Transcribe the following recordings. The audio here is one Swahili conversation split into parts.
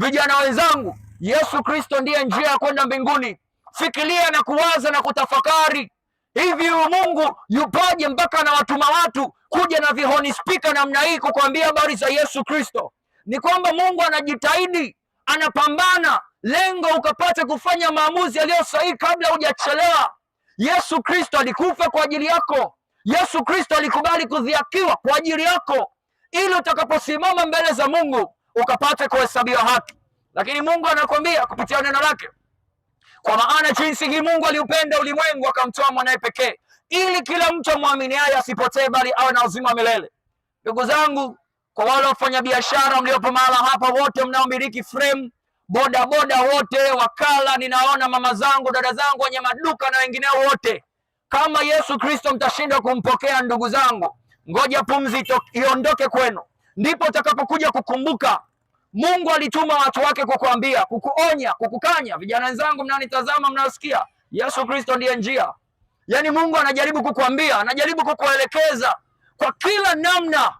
Vijana wenzangu, Yesu Kristo ndiye njia ya kwenda mbinguni. Fikiria na kuwaza na kutafakari, hivi huyu Mungu yupaje mpaka anawatuma watu kuja na vihoni spika namna hii kukuambia habari za Yesu Kristo? Ni kwamba Mungu anajitahidi, anapambana, lengo ukapate kufanya maamuzi yaliyo sahihi kabla hujachelewa. Yesu Kristo alikufa kwa ajili yako. Yesu Kristo alikubali kudhiakiwa kwa ajili yako, ili utakaposimama mbele za Mungu ukapate kuhesabiwa haki, lakini Mungu anakwambia kupitia neno lake, kwa maana jinsi Mungu aliupenda ulimwengu akamtoa mwanaye pekee, ili kila mtu amwaminiaye asipotee, bali awe na uzima milele. Ndugu zangu, kwa wale wafanyabiashara mliopo mahala hapa, wote mnaomiliki frame bodaboda, wote wakala, ninaona mama zangu, dada zangu, wenye maduka na wengineo wote, kama Yesu Kristo mtashindwa kumpokea, ndugu zangu, ngoja pumzi iondoke kwenu ndipo utakapokuja kukumbuka Mungu alituma watu wake kukuambia, kukuonya, kukukanya. Vijana wenzangu mnaonitazama, mnasikia, Yesu Kristo ndiye njia. Yaani Mungu anajaribu kukuambia, anajaribu kukuelekeza kwa kila namna,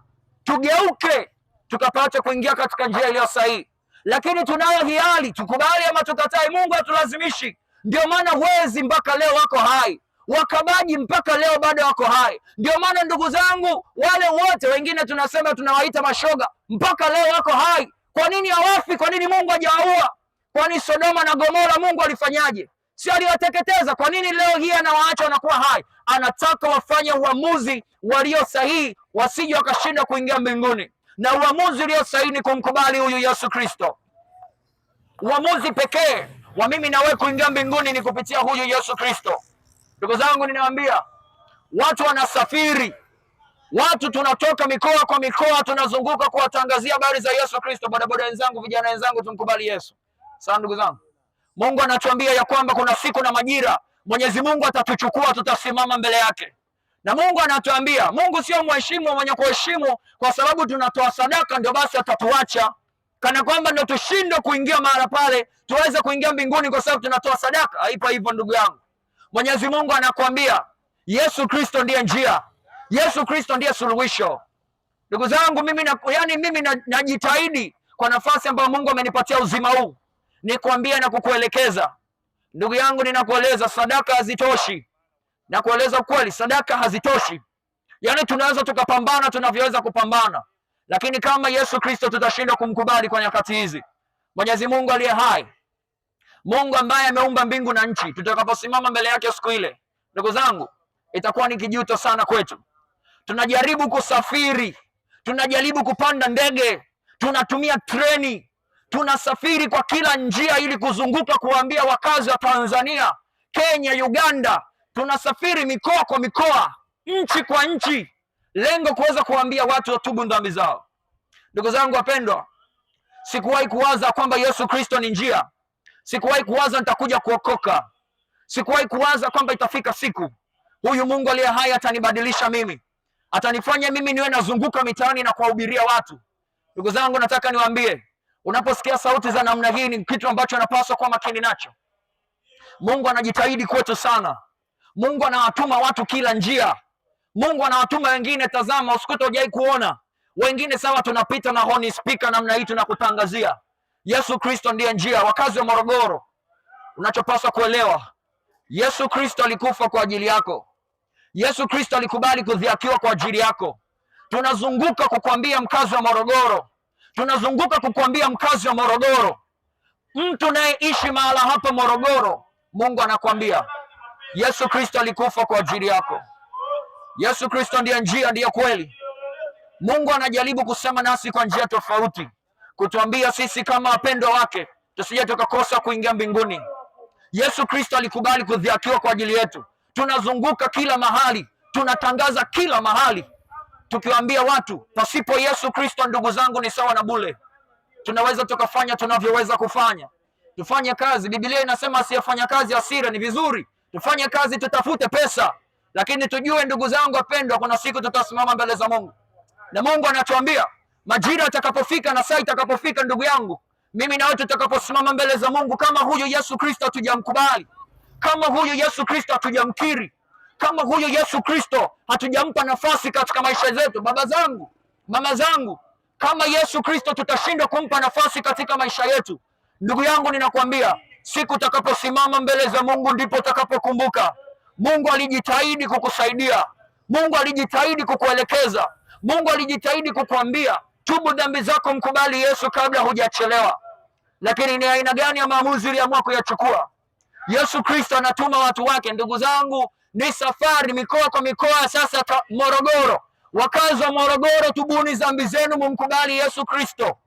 tugeuke tukapata kuingia katika njia iliyo sahihi, lakini tunayo hiari, tukubali ama tukatae. Mungu hatulazimishi. Ndio maana huwezi mpaka leo wako hai Wakabaji mpaka leo bado wako hai. Ndio maana ndugu zangu, wale wote wengine tunasema tunawaita mashoga, mpaka leo wako hai. Kwa nini hawafi? Kwa nini Mungu hajawaua? Kwani Sodoma na Gomora Mungu alifanyaje? Si aliwateketeza? Kwa nini leo hii anawaacha wanakuwa hai? Anataka wafanye uamuzi walio sahihi, wasije wakashindwa kuingia mbinguni, na uamuzi ulio sahihi ni kumkubali huyu Yesu Kristo. Uamuzi pekee wa mimi na wewe kuingia mbinguni ni kupitia huyu Yesu Kristo. Ndugu zangu, ninawaambia watu wanasafiri, watu tunatoka mikoa kwa mikoa, tunazunguka kuwatangazia habari za Yesu Kristo. Bodaboda wenzangu, vijana wenzangu, tumkubali Yesu. Sawa ndugu zangu, Mungu anatuambia ya kwamba kuna siku na majira Mwenyezi Mungu atatuchukua, tutasimama mbele yake na Mungu anatuambia, Mungu sio mheshimu wa mwenye kuheshimu kwa sababu tunatoa sadaka ndio basi atatuacha, kana kwamba ndio tushindwe kuingia mahala pale tuweze kuingia mbinguni kwa sababu tunatoa sadaka. Haipo hivyo ndugu yangu. Mwenyezi Mungu anakuambia Yesu Kristo ndiye njia, Yesu Kristo ndiye suluhisho. Ndugu zangu, mimi na, yani mimi najitahidi na kwa nafasi ambayo Mungu amenipatia uzima huu nikwambia na kukuelekeza ndugu yangu, ninakueleza sadaka hazitoshi, na kueleza kweli, sadaka hazitoshi. Yani tunaweza tukapambana tunavyoweza kupambana, lakini kama Yesu Kristo tutashindwa kumkubali kwa nyakati hizi, Mwenyezi Mungu aliye hai Mungu ambaye ameumba mbingu na nchi, tutakaposimama mbele yake siku ile, ndugu zangu, itakuwa ni kijuto sana kwetu. Tunajaribu kusafiri, tunajaribu kupanda ndege, tunatumia treni, tunasafiri kwa kila njia ili kuzunguka kuwaambia wakazi wa Tanzania, Kenya, Uganda, tunasafiri mikoa kwa mikoa, nchi kwa nchi, lengo kuweza kuwaambia watu watubu dhambi zao. Ndugu zangu wapendwa, sikuwahi kuwaza kwamba Yesu Kristo ni njia Sikuwahi kuwaza nitakuja kuokoka, sikuwahi kuwaza kwamba itafika siku huyu Mungu aliye hai atanibadilisha mimi, atanifanya mimi niwe nazunguka mitaani na kuwahubiria watu. Ndugu zangu, nataka niwaambie, unaposikia sauti za namna hii, ni kitu ambacho anapaswa kuwa makini nacho. Mungu anajitahidi kwetu sana. Mungu anawatuma watu kila njia. Mungu anawatuma wengine, tazama, usikuta hujai kuona wengine, sawa, tunapita na honi spika namna hii tunakutangazia Yesu Kristo ndiye njia. Wakazi wa Morogoro, unachopaswa kuelewa, Yesu Kristo alikufa kwa ajili yako. Yesu Kristo alikubali kudhiakiwa kwa ajili yako. Tunazunguka kukwambia mkazi wa Morogoro, tunazunguka kukwambia mkazi wa Morogoro, mtu nayeishi mahala hapa Morogoro, Mungu anakwambia Yesu Kristo alikufa kwa ajili yako. Yesu Kristo ndiye njia, ndiye kweli. Mungu anajaribu kusema nasi kwa njia tofauti kutuambia sisi kama wapendwa wake tusije tukakosa kuingia mbinguni. Yesu Kristo alikubali kudhiakiwa kwa ajili yetu. Tunazunguka kila mahali, tunatangaza kila mahali, tukiwaambia watu pasipo Yesu Kristo, ndugu zangu, ni sawa na bule Tunaweza tukafanya tunavyoweza kufanya, tufanye kazi. Biblia inasema asiyefanya kazi asira. Ni vizuri tufanye kazi, tutafute pesa, lakini tujue, ndugu zangu wapendwa, kuna siku tutasimama mbele za Mungu na Mungu anatuambia Majira atakapofika na saa itakapofika, ndugu yangu, mimi na wewe tutakaposimama mbele za Mungu, kama huyu Yesu Kristo hatujamkubali, kama huyu Yesu Kristo hatujamkiri, kama huyu Yesu Kristo hatujampa nafasi katika maisha zetu, baba zangu, mama zangu, kama Yesu Kristo tutashindwa kumpa nafasi katika maisha yetu, ndugu yangu, ninakwambia siku utakaposimama mbele za Mungu ndipo utakapokumbuka Mungu alijitahidi kukusaidia, Mungu alijitahidi kukuelekeza, Mungu alijitahidi kukuambia Tubu dhambi zako, mkubali Yesu kabla hujachelewa. Lakini ni aina gani ya maamuzi uliamua kuyachukua? Yesu Kristo anatuma watu wake. Ndugu zangu, ni safari mikoa kwa mikoa. Sasa Morogoro, wakazi wa Morogoro, tubuni dhambi zenu, mumkubali Yesu Kristo.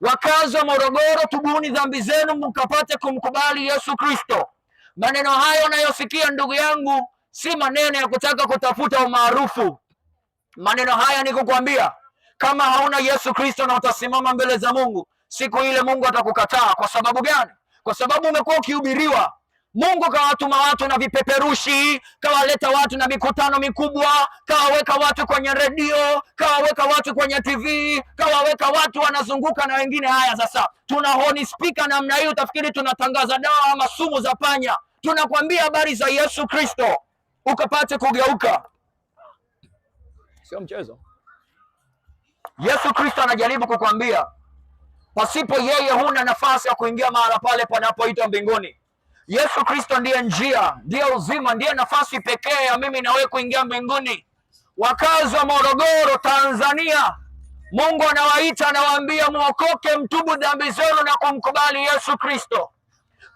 Wakazi wa Morogoro, tubuni dhambi zenu, mkapate kumkubali Yesu Kristo. Maneno hayo unayosikia ndugu yangu, si maneno ya kutaka kutafuta umaarufu. Maneno haya ni kukwambia kama hauna Yesu Kristo na utasimama mbele za Mungu siku ile, Mungu atakukataa. Kwa sababu gani? Kwa sababu umekuwa ukihubiriwa. Mungu kawatuma watu na vipeperushi, kawaleta watu na mikutano mikubwa, kawaweka watu kwenye redio, kawaweka watu kwenye TV, kawaweka watu wanazunguka na wengine. Haya, sasa tuna honi spika namna hii, utafikiri tunatangaza dawa ama sumu za panya. Tunakwambia habari za Yesu Kristo ukapate kugeuka, sio mchezo. Yesu Kristo anajaribu kukwambia pasipo yeye huna nafasi ya kuingia mahala pale panapoitwa mbinguni. Yesu Kristo ndiye njia, ndiye uzima, ndiye nafasi pekee ya mimi na wewe kuingia mbinguni. Wakazi wa Morogoro, Tanzania, Mungu anawaita, anawaambia mwokoke, mtubu dhambi zenu na kumkubali Yesu Kristo.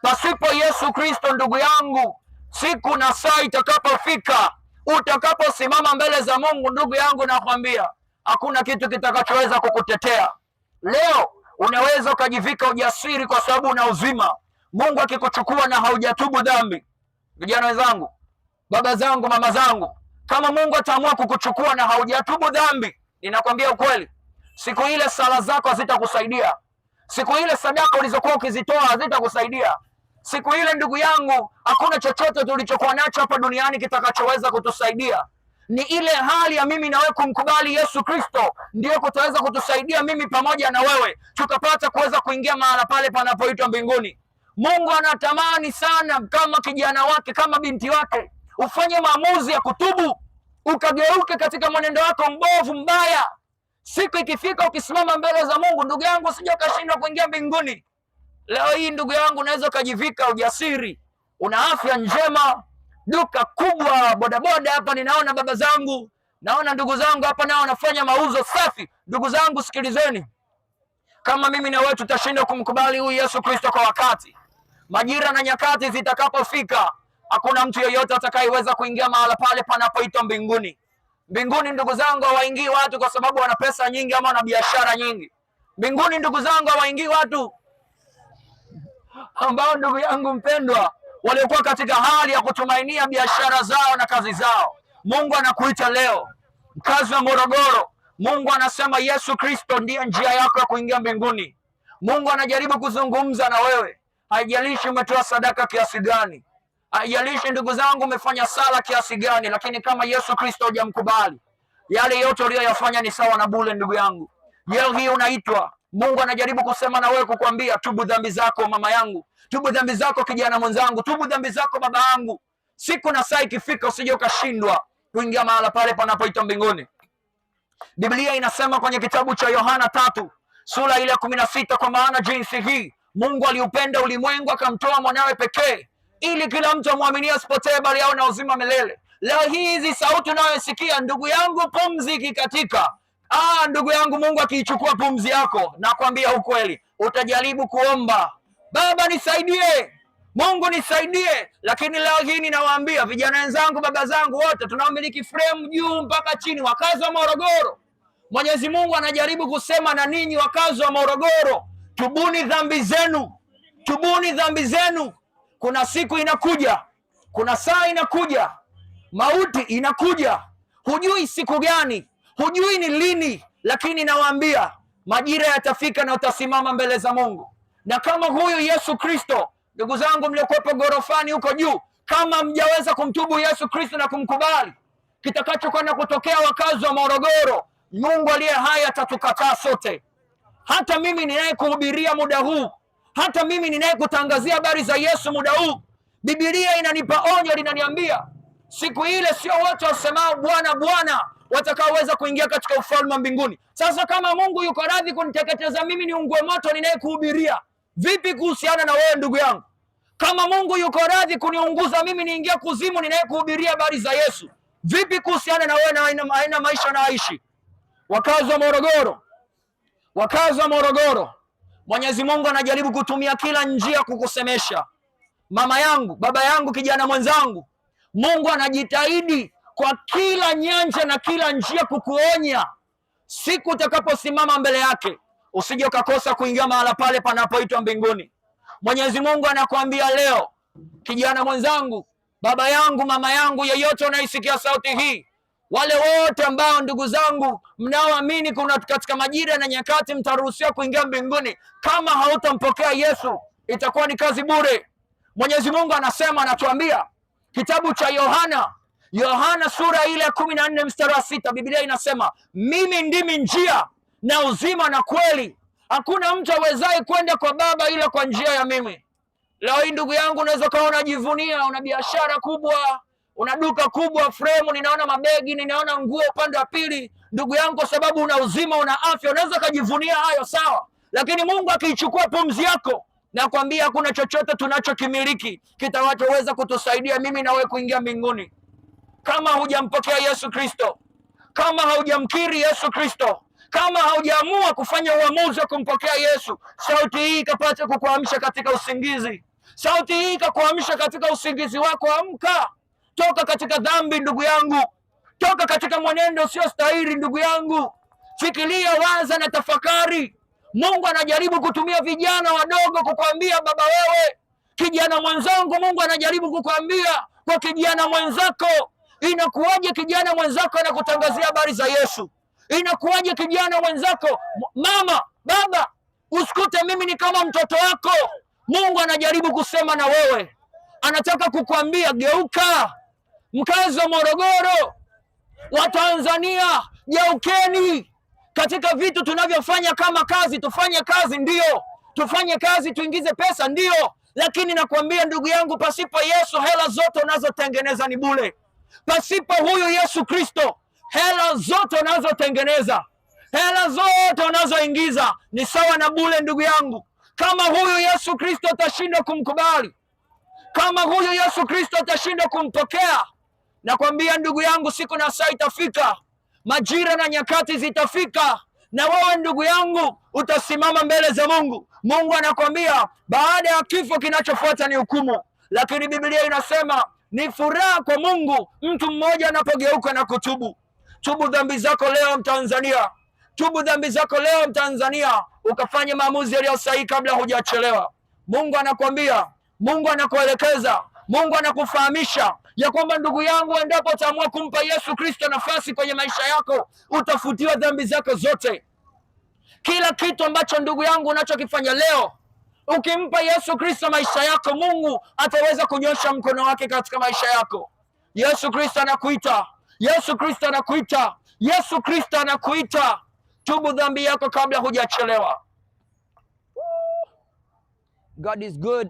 Pasipo Yesu Kristo, ndugu yangu, siku na saa itakapofika, utakaposimama mbele za Mungu, ndugu yangu, nakwambia hakuna kitu kitakachoweza kukutetea. Leo unaweza ukajivika ujasiri kwa sababu una uzima. Mungu akikuchukua na haujatubu dhambi, vijana wenzangu, baba zangu, mama zangu, kama Mungu ataamua kukuchukua na haujatubu dhambi, ninakwambia ukweli, siku ile sala zako hazitakusaidia, siku ile sadaka ulizokuwa ukizitoa hazitakusaidia siku ile ndugu yangu, hakuna chochote tulichokuwa nacho hapa duniani kitakachoweza kutusaidia ni ile hali ya mimi na wewe kumkubali Yesu Kristo, ndiyo kutaweza kutusaidia mimi pamoja na wewe tukapata kuweza kuingia mahala pale panapoitwa mbinguni. Mungu anatamani sana kama kijana wake, kama binti wake, ufanye maamuzi ya kutubu, ukageuke katika mwenendo wako mbovu, mbaya. Siku ikifika ukisimama mbele za Mungu, ndugu yangu, usije ukashindwa kuingia mbinguni. Leo hii, ndugu yangu, unaweza ukajivika ujasiri, una afya njema duka kubwa bodaboda hapa, ninaona baba zangu, naona ndugu zangu hapa nao wanafanya mauzo safi. Ndugu zangu, sikilizeni, kama mimi na wewe tutashinda kumkubali huyu Yesu Kristo kwa wakati, majira na nyakati zitakapofika, hakuna mtu yeyote atakayeweza kuingia mahala pale panapoitwa mbinguni. Mbinguni ndugu zangu, hawaingii watu kwa sababu wana pesa nyingi ama wana biashara nyingi. Mbinguni ndugu zangu, hawaingii watu ambao, ndugu yangu mpendwa waliokuwa katika hali ya kutumainia biashara zao na kazi zao. Mungu anakuita leo, mkazi wa Morogoro. Mungu anasema Yesu Kristo ndiye njia yako ya kuingia mbinguni. Mungu anajaribu kuzungumza na wewe, haijalishi umetoa sadaka kiasi gani, haijalishi ndugu zangu umefanya sala kiasi gani, lakini kama Yesu Kristo hujamkubali, yale yote uliyoyafanya ni sawa na bule. Ndugu yangu, leo hii unaitwa Mungu anajaribu kusema na wewe, kukwambia tubu dhambi zako mama yangu, tubu dhambi zako kijana mwenzangu, tubu dhambi zako baba yangu. Siku na saa ikifika, usije ukashindwa kuingia mahala pale panapoitwa mbinguni. Biblia inasema kwenye kitabu cha Yohana tatu sura ile ya kumi na sita kwa maana jinsi hii Mungu aliupenda ulimwengu akamtoa mwanawe pekee, ili kila mtu amwaminie asipotee, bali awe na uzima milele. Leo hii hizi sauti unayosikia ndugu yangu, pumzi katika Ah, ndugu yangu, Mungu akiichukua pumzi yako, nakwambia ukweli, utajaribu kuomba Baba nisaidie, Mungu nisaidie, lakini leo hii ninawaambia vijana wenzangu, baba zangu wote tunaomiliki fremu juu mpaka chini, wakazi wa Morogoro, Mwenyezi Mungu anajaribu kusema na ninyi wakazi wa Morogoro, tubuni dhambi zenu, tubuni dhambi zenu. Kuna siku inakuja, kuna saa inakuja, mauti inakuja, hujui siku gani Hujui ni lini, lakini nawaambia majira yatafika na utasimama mbele za Mungu. Na kama huyu Yesu Kristo, ndugu zangu mliokuwepo gorofani huko juu, kama mjaweza kumtubu Yesu Kristo na kumkubali, kitakachokwenda kutokea wakazi wa Morogoro, Mungu aliye hai atatukataa sote. Hata mimi ninayekuhubiria muda huu, hata mimi ninayekutangazia habari za Yesu muda huu, Biblia inanipa onyo, linaniambia siku ile sio wote wasemao Bwana Bwana watakaoweza kuingia katika ufalme wa mbinguni. Sasa kama Mungu yuko radhi kuniteketeza mimi niungue moto ninayekuhubiria, vipi kuhusiana na wewe ndugu yangu? Kama Mungu yuko radhi kuniunguza mimi niingie kuzimu ninayekuhubiria habari za Yesu, vipi kuhusiana na wewe na aina, aina maisha naishi? Wakazi wa Morogoro, wakazi wa Morogoro, Mwenyezi Mungu anajaribu kutumia kila njia kukusemesha. Mama yangu, baba yangu, kijana mwenzangu, Mungu anajitahidi kwa kila nyanja na kila njia kukuonya siku utakaposimama mbele yake, usije ukakosa kuingia mahala pale panapoitwa mbinguni. Mwenyezi Mungu anakuambia leo, kijana mwenzangu, baba yangu, mama yangu, yeyote unaisikia sauti hii, wale wote ambao ndugu zangu mnaoamini kuna katika majira na nyakati mtaruhusiwa kuingia mbinguni, kama hautampokea Yesu itakuwa ni kazi bure. Mwenyezi Mungu anasema, anatuambia kitabu cha Yohana Yohana sura ile ya kumi na nne mstari wa sita Biblia inasema mimi ndimi njia na uzima na kweli, hakuna mtu awezaye kwenda kwa Baba ila kwa njia ya mimi. Leo hii ndugu yangu, unaweza kawa unajivunia, una biashara kubwa, una duka kubwa, fremu, ninaona mabegi, ninaona nguo upande wa pili, ndugu yangu, kwa sababu una uzima, una afya, unaweza ukajivunia hayo, sawa. Lakini Mungu akiichukua pumzi yako nakwambia hakuna chochote tunachokimiliki kitawachoweza kutusaidia mimi na wewe kuingia mbinguni. Kama hujampokea Yesu Kristo, kama haujamkiri Yesu Kristo, kama haujaamua kufanya uamuzi wa kumpokea Yesu, sauti hii ikapate kukuamsha katika usingizi. Sauti hii ikakuamsha katika usingizi wako. Amka, toka katika dhambi ndugu yangu, toka katika mwenendo usio stahili ndugu yangu. Fikiria, waza na tafakari. Mungu anajaribu kutumia vijana wadogo kukwambia, baba wewe, kijana mwenzangu, Mungu anajaribu kukwambia kwa kijana mwenzako Inakuwaje kijana mwenzako anakutangazia habari za Yesu? Inakuwaje kijana mwenzako, mama, baba, usikute mimi ni kama mtoto wako. Mungu anajaribu kusema na wewe, anataka kukuambia geuka. Mkazi wa Morogoro, wa Tanzania, geukeni katika vitu tunavyofanya kama kazi. Tufanye kazi ndiyo, tufanye kazi, tuingize pesa ndiyo, lakini nakwambia ndugu yangu, pasipo Yesu hela zote unazotengeneza ni bure. Pasipo huyu Yesu Kristo, hela zote unazotengeneza, hela zote unazoingiza ni sawa na bule ndugu yangu. Kama huyu Yesu Kristo atashindwa kumkubali, kama huyu Yesu Kristo atashindwa kumpokea, nakwambia ndugu yangu, siku na saa itafika, majira na nyakati zitafika na wewe ndugu yangu utasimama mbele za Mungu. Mungu anakwambia baada ya kifo kinachofuata ni hukumu, lakini Biblia inasema ni furaha kwa Mungu mtu mmoja anapogeuka na kutubu. Tubu dhambi zako leo Mtanzania, tubu dhambi zako leo Mtanzania, ukafanye maamuzi yaliyo sahihi kabla hujachelewa. Mungu anakuambia, Mungu anakuelekeza, Mungu anakufahamisha ya kwamba ndugu yangu, endapo utaamua kumpa Yesu Kristo nafasi kwenye maisha yako, utafutiwa dhambi zako zote. Kila kitu ambacho ndugu yangu unachokifanya leo Ukimpa Yesu Kristo maisha yako, Mungu ataweza kunyosha mkono wake katika maisha yako. Yesu Kristo anakuita, Yesu Kristo anakuita, Yesu Kristo anakuita. Tubu dhambi yako kabla hujachelewa. God is good.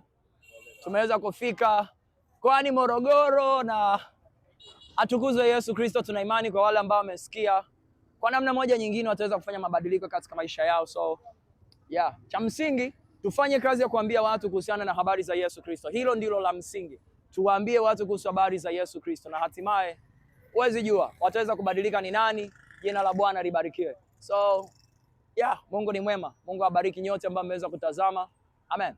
Tumeweza kufika kwani Morogoro, na atukuzwe Yesu Kristo. Tuna imani kwa wale ambao wamesikia, kwa namna moja nyingine, wataweza kufanya mabadiliko katika maisha yao. So yeah, cha msingi Tufanye kazi ya kuambia watu kuhusiana na habari za Yesu Kristo. Hilo ndilo la msingi, tuwaambie watu kuhusu habari za Yesu Kristo, na hatimaye huwezi jua wataweza kubadilika ni nani. Jina la Bwana libarikiwe. So yeah, Mungu ni mwema. Mungu awabariki nyote ambao mmeweza kutazama. Amen.